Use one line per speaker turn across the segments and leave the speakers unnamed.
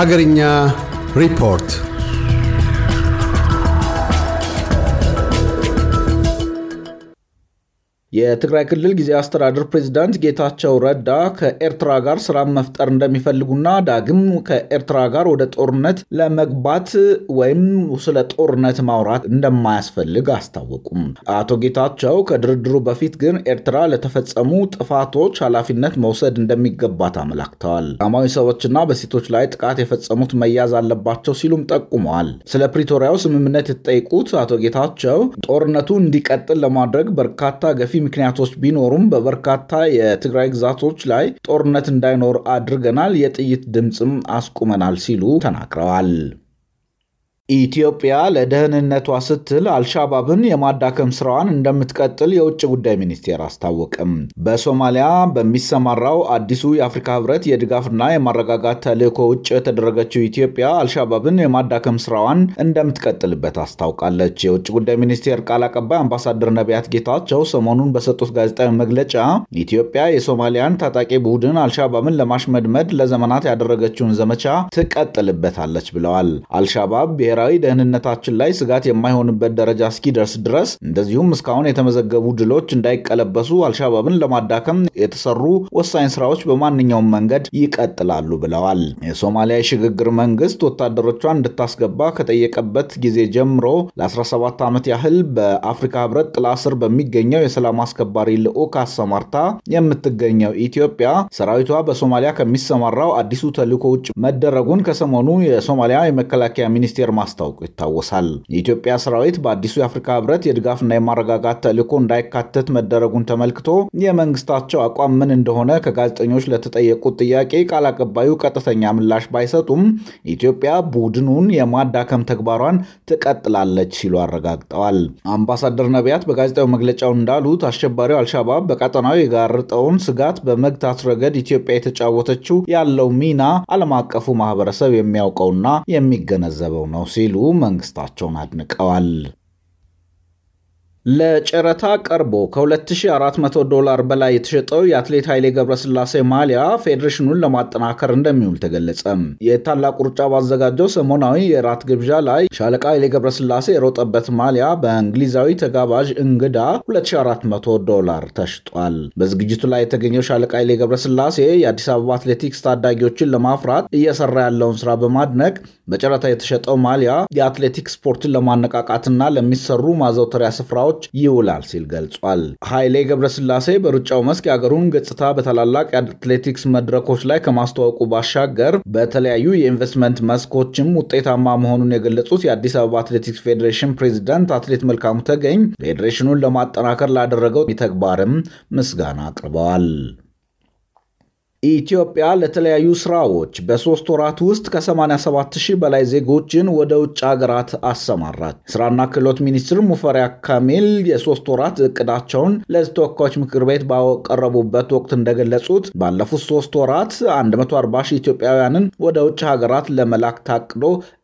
Hagarinya Report የትግራይ ክልል ጊዜ አስተዳደር ፕሬዚዳንት ጌታቸው ረዳ ከኤርትራ ጋር ስራ መፍጠር እንደሚፈልጉና ዳግም ከኤርትራ ጋር ወደ ጦርነት ለመግባት ወይም ስለ ጦርነት ማውራት እንደማያስፈልግ አስታወቁም። አቶ ጌታቸው ከድርድሩ በፊት ግን ኤርትራ ለተፈጸሙ ጥፋቶች ኃላፊነት መውሰድ እንደሚገባት አመላክተዋል። ሰላማዊ ሰዎችና በሴቶች ላይ ጥቃት የፈጸሙት መያዝ አለባቸው ሲሉም ጠቁመዋል። ስለ ፕሪቶሪያው ስምምነት የተጠይቁት አቶ ጌታቸው ጦርነቱ እንዲቀጥል ለማድረግ በርካታ ገፊ ምክንያቶች ቢኖሩም በበርካታ የትግራይ ግዛቶች ላይ ጦርነት እንዳይኖር አድርገናል፣ የጥይት ድምፅም አስቁመናል ሲሉ ተናግረዋል። ኢትዮጵያ ለደህንነቷ ስትል አልሻባብን የማዳከም ስራዋን እንደምትቀጥል የውጭ ጉዳይ ሚኒስቴር አስታወቅም። በሶማሊያ በሚሰማራው አዲሱ የአፍሪካ ህብረት የድጋፍና የማረጋጋት ተልእኮ ውጭ የተደረገችው ኢትዮጵያ አልሻባብን የማዳከም ስራዋን እንደምትቀጥልበት አስታውቃለች። የውጭ ጉዳይ ሚኒስቴር ቃል አቀባይ አምባሳደር ነቢያት ጌታቸው ሰሞኑን በሰጡት ጋዜጣዊ መግለጫ ኢትዮጵያ የሶማሊያን ታጣቂ ቡድን አልሻባብን ለማሽመድመድ ለዘመናት ያደረገችውን ዘመቻ ትቀጥልበታለች ብለዋል። አልሻባብ ብሔራዊ ብሔራዊ ደህንነታችን ላይ ስጋት የማይሆንበት ደረጃ እስኪደርስ ድረስ እንደዚሁም እስካሁን የተመዘገቡ ድሎች እንዳይቀለበሱ አልሻባብን ለማዳከም የተሰሩ ወሳኝ ስራዎች በማንኛውም መንገድ ይቀጥላሉ ብለዋል። የሶማሊያ የሽግግር መንግስት ወታደሮቿን እንድታስገባ ከጠየቀበት ጊዜ ጀምሮ ለ17 ዓመት ያህል በአፍሪካ ህብረት ጥላ ስር በሚገኘው የሰላም አስከባሪ ልዑክ አሰማርታ የምትገኘው ኢትዮጵያ ሰራዊቷ በሶማሊያ ከሚሰማራው አዲሱ ተልዕኮ ውጭ መደረጉን ከሰሞኑ የሶማሊያ የመከላከያ ሚኒስቴር ማስታወቁ ይታወሳል። የኢትዮጵያ ሰራዊት በአዲሱ የአፍሪካ ህብረት የድጋፍና የማረጋጋት ተልዕኮ እንዳይካተት መደረጉን ተመልክቶ የመንግስታቸው አቋም ምን እንደሆነ ከጋዜጠኞች ለተጠየቁት ጥያቄ ቃል አቀባዩ ቀጥተኛ ምላሽ ባይሰጡም ኢትዮጵያ ቡድኑን የማዳከም ተግባሯን ትቀጥላለች ሲሉ አረጋግጠዋል። አምባሳደር ነቢያት በጋዜጣዊ መግለጫው እንዳሉት አሸባሪው አልሻባብ በቀጠናው የጋረጠውን ስጋት በመግታት ረገድ ኢትዮጵያ የተጫወተችው ያለው ሚና ዓለም አቀፉ ማህበረሰብ የሚያውቀውና የሚገነዘበው ነው ሲል ሲሉ መንግስታቸውን አድንቀዋል። ለጨረታ ቀርቦ ከ2400 ዶላር በላይ የተሸጠው የአትሌት ኃይሌ ገብረስላሴ ማሊያ ፌዴሬሽኑን ለማጠናከር እንደሚውል ተገለጸ። የታላቁ ሩጫ ባዘጋጀው ሰሞናዊ የራት ግብዣ ላይ ሻለቃ ኃይሌ ገብረስላሴ የሮጠበት ማሊያ በእንግሊዛዊ ተጋባዥ እንግዳ 2400 ዶላር ተሽጧል። በዝግጅቱ ላይ የተገኘው ሻለቃ ኃይሌ ገብረስላሴ የአዲስ አበባ አትሌቲክስ ታዳጊዎችን ለማፍራት እየሰራ ያለውን ስራ በማድነቅ በጨረታ የተሸጠው ማሊያ የአትሌቲክስ ስፖርትን ለማነቃቃትና ለሚሰሩ ማዘውተሪያ ስፍራዎች ስራዎች ይውላል ሲል ገልጿል። ኃይሌ ገብረስላሴ በሩጫው መስክ የአገሩን ገጽታ በታላላቅ የአትሌቲክስ መድረኮች ላይ ከማስተዋወቁ ባሻገር በተለያዩ የኢንቨስትመንት መስኮችም ውጤታማ መሆኑን የገለጹት የአዲስ አበባ አትሌቲክስ ፌዴሬሽን ፕሬዚዳንት አትሌት መልካሙ ተገኝ ፌዴሬሽኑን ለማጠናከር ላደረገው ተግባርም ምስጋና አቅርበዋል። ኢትዮጵያ ለተለያዩ ስራዎች በሶስት ወራት ውስጥ ከ87 ሺህ በላይ ዜጎችን ወደ ውጭ ሀገራት አሰማራች። ስራና ክህሎት ሚኒስትር ሙፈሪያ ካሚል የሶስት ወራት እቅዳቸውን ለተወካዮች ተወካዮች ምክር ቤት ባቀረቡበት ወቅት እንደገለጹት ባለፉት ሶስት ወራት 140 ሺህ ኢትዮጵያውያንን ወደ ውጭ ሀገራት ለመላክ ታቅዶ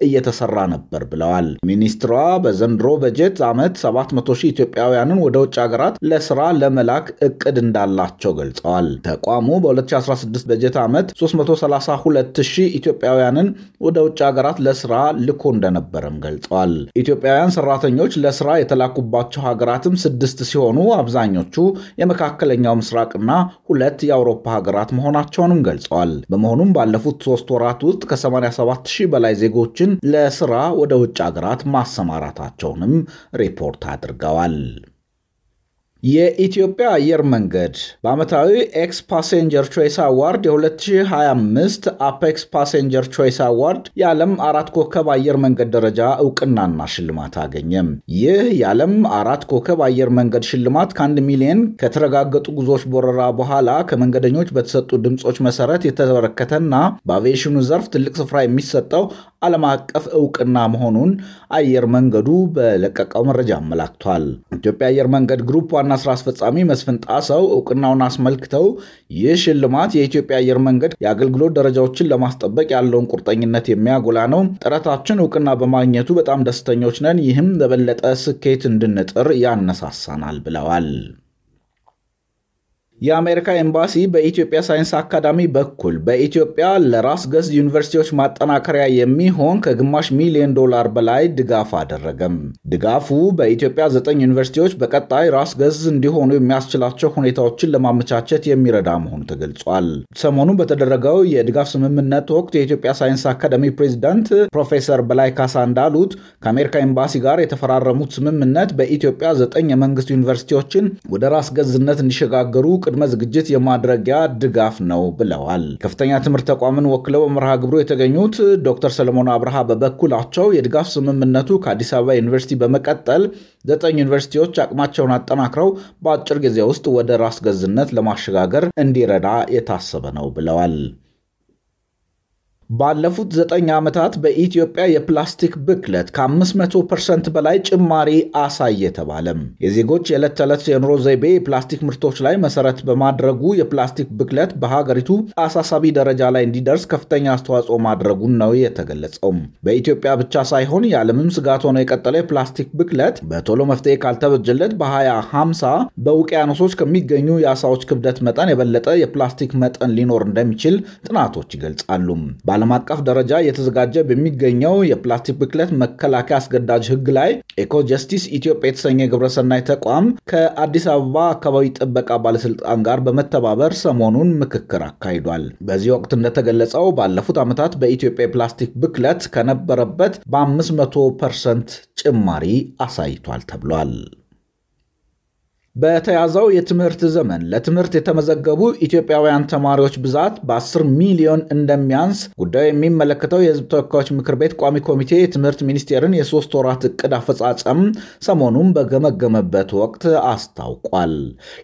እየተሰራ ነበር ብለዋል። ሚኒስትሯ በዘንድሮ በጀት ዓመት 700 ሺህ ኢትዮጵያውያንን ወደ ውጭ ሀገራት ለስራ ለመላክ እቅድ እንዳላቸው ገልጸዋል። ተቋሙ በ2016 2016 በጀት ዓመት 332000 ኢትዮጵያውያንን ወደ ውጭ ሀገራት ለስራ ልኮ እንደነበረም ገልጸዋል። ኢትዮጵያውያን ሰራተኞች ለስራ የተላኩባቸው ሀገራትም ስድስት ሲሆኑ አብዛኞቹ የመካከለኛው ምስራቅና ሁለት የአውሮፓ ሀገራት መሆናቸውንም ገልጸዋል። በመሆኑም ባለፉት ሶስት ወራት ውስጥ ከ87 ሺህ በላይ ዜጎችን ለስራ ወደ ውጭ ሀገራት ማሰማራታቸውንም ሪፖርት አድርገዋል። የኢትዮጵያ አየር መንገድ በዓመታዊ ኤክስ ፓሴንጀር ቾይስ አዋርድ የ2025 አፔክስ ፓሴንጀር ቾይስ አዋርድ የዓለም አራት ኮከብ አየር መንገድ ደረጃ እውቅናና ሽልማት አገኘም። ይህ የዓለም አራት ኮከብ አየር መንገድ ሽልማት ከአንድ ሚሊዮን ከተረጋገጡ ጉዞዎች በረራ በኋላ ከመንገደኞች በተሰጡ ድምፆች መሰረት የተበረከተና በአቪዬሽኑ ዘርፍ ትልቅ ስፍራ የሚሰጠው ዓለም አቀፍ እውቅና መሆኑን አየር መንገዱ በለቀቀው መረጃ አመላክቷል። ኢትዮጵያ አየር መንገድ ግሩፕ ዋና ስራ አስፈጻሚ መስፍን ጣሰው እውቅናውን አስመልክተው ይህ ሽልማት የኢትዮጵያ አየር መንገድ የአገልግሎት ደረጃዎችን ለማስጠበቅ ያለውን ቁርጠኝነት የሚያጎላ ነው። ጥረታችን እውቅና በማግኘቱ በጣም ደስተኞች ነን። ይህም ለበለጠ ስኬት እንድንጥር ያነሳሳናል ብለዋል። የአሜሪካ ኤምባሲ በኢትዮጵያ ሳይንስ አካዳሚ በኩል በኢትዮጵያ ለራስ ገዝ ዩኒቨርሲቲዎች ማጠናከሪያ የሚሆን ከግማሽ ሚሊዮን ዶላር በላይ ድጋፍ አደረገም። ድጋፉ በኢትዮጵያ ዘጠኝ ዩኒቨርሲቲዎች በቀጣይ ራስ ገዝ እንዲሆኑ የሚያስችላቸው ሁኔታዎችን ለማመቻቸት የሚረዳ መሆኑ ተገልጿል። ሰሞኑን በተደረገው የድጋፍ ስምምነት ወቅት የኢትዮጵያ ሳይንስ አካዳሚ ፕሬዚዳንት ፕሮፌሰር በላይ ካሳ እንዳሉት ከአሜሪካ ኤምባሲ ጋር የተፈራረሙት ስምምነት በኢትዮጵያ ዘጠኝ የመንግስት ዩኒቨርሲቲዎችን ወደ ራስ ገዝነት እንዲሸጋገሩ ቅድመ ዝግጅት የማድረጊያ ድጋፍ ነው ብለዋል። ከፍተኛ ትምህርት ተቋምን ወክለው በመርሃ ግብሩ የተገኙት ዶክተር ሰለሞን አብርሃ በበኩላቸው የድጋፍ ስምምነቱ ከአዲስ አበባ ዩኒቨርሲቲ በመቀጠል ዘጠኝ ዩኒቨርሲቲዎች አቅማቸውን አጠናክረው በአጭር ጊዜ ውስጥ ወደ ራስ ገዝነት ለማሸጋገር እንዲረዳ የታሰበ ነው ብለዋል። ባለፉት ዘጠኝ ዓመታት በኢትዮጵያ የፕላስቲክ ብክለት ከ500 ፐርሰንት በላይ ጭማሪ አሳየ ተባለም። የዜጎች የዕለት ተዕለት የኑሮ ዘይቤ የፕላስቲክ ምርቶች ላይ መሰረት በማድረጉ የፕላስቲክ ብክለት በሀገሪቱ አሳሳቢ ደረጃ ላይ እንዲደርስ ከፍተኛ አስተዋጽኦ ማድረጉን ነው የተገለጸው። በኢትዮጵያ ብቻ ሳይሆን የዓለምም ስጋት ሆኖ የቀጠለው የፕላስቲክ ብክለት በቶሎ መፍትሄ ካልተበጀለት በ2050 በውቅያኖሶች ከሚገኙ የአሳዎች ክብደት መጠን የበለጠ የፕላስቲክ መጠን ሊኖር እንደሚችል ጥናቶች ይገልጻሉ። በዓለም አቀፍ ደረጃ የተዘጋጀ በሚገኘው የፕላስቲክ ብክለት መከላከያ አስገዳጅ ሕግ ላይ ኤኮ ጀስቲስ ኢትዮጵያ የተሰኘ ግብረሰናይ ተቋም ከአዲስ አበባ አካባቢ ጥበቃ ባለስልጣን ጋር በመተባበር ሰሞኑን ምክክር አካሂዷል። በዚህ ወቅት እንደተገለጸው ባለፉት ዓመታት በኢትዮጵያ የፕላስቲክ ብክለት ከነበረበት በ500 ፐርሰንት ጭማሪ አሳይቷል ተብሏል። በተያዘው የትምህርት ዘመን ለትምህርት የተመዘገቡ ኢትዮጵያውያን ተማሪዎች ብዛት በ10 ሚሊዮን እንደሚያንስ ጉዳዩ የሚመለከተው የሕዝብ ተወካዮች ምክር ቤት ቋሚ ኮሚቴ የትምህርት ሚኒስቴርን የሶስት ወራት እቅድ አፈጻጸም ሰሞኑን በገመገመበት ወቅት አስታውቋል።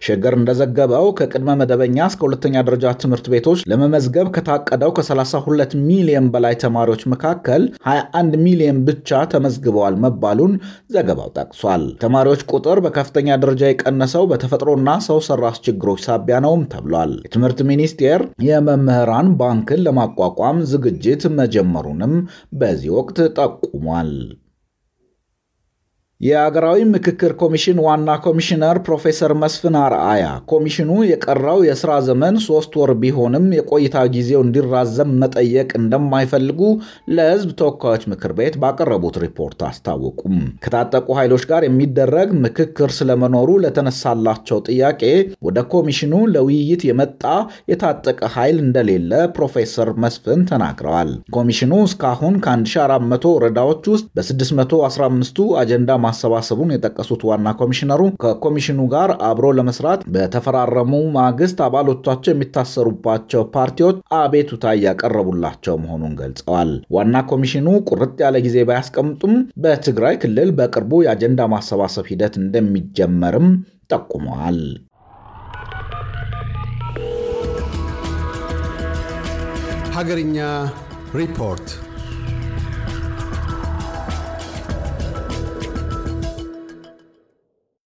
ሸገር እንደዘገበው ከቅድመ መደበኛ እስከ ሁለተኛ ደረጃ ትምህርት ቤቶች ለመመዝገብ ከታቀደው ከ32 ሚሊዮን በላይ ተማሪዎች መካከል 21 ሚሊዮን ብቻ ተመዝግበዋል መባሉን ዘገባው ጠቅሷል። ተማሪዎች ቁጥር በከፍተኛ ደረጃ የቀነ የቀነሰው በተፈጥሮና ሰው ሰራሽ ችግሮች ሳቢያ ነውም ተብሏል። የትምህርት ሚኒስቴር የመምህራን ባንክን ለማቋቋም ዝግጅት መጀመሩንም በዚህ ወቅት ጠቁሟል። የአገራዊ ምክክር ኮሚሽን ዋና ኮሚሽነር ፕሮፌሰር መስፍን አርአያ ኮሚሽኑ የቀረው የስራ ዘመን ሶስት ወር ቢሆንም የቆይታ ጊዜው እንዲራዘም መጠየቅ እንደማይፈልጉ ለሕዝብ ተወካዮች ምክር ቤት ባቀረቡት ሪፖርት አስታወቁም። ከታጠቁ ኃይሎች ጋር የሚደረግ ምክክር ስለመኖሩ ለተነሳላቸው ጥያቄ ወደ ኮሚሽኑ ለውይይት የመጣ የታጠቀ ኃይል እንደሌለ ፕሮፌሰር መስፍን ተናግረዋል። ኮሚሽኑ እስካሁን ከ1400 ወረዳዎች ውስጥ በ615ቱ አጀንዳ ማሰባሰቡን የጠቀሱት ዋና ኮሚሽነሩ ከኮሚሽኑ ጋር አብሮ ለመስራት በተፈራረሙ ማግስት አባሎቻቸው የሚታሰሩባቸው ፓርቲዎች አቤቱታ እያቀረቡላቸው መሆኑን ገልጸዋል። ዋና ኮሚሽኑ ቁርጥ ያለ ጊዜ ባያስቀምጡም በትግራይ ክልል በቅርቡ የአጀንዳ ማሰባሰብ ሂደት እንደሚጀመርም ጠቁመዋል። ሀገርኛ ሪፖርት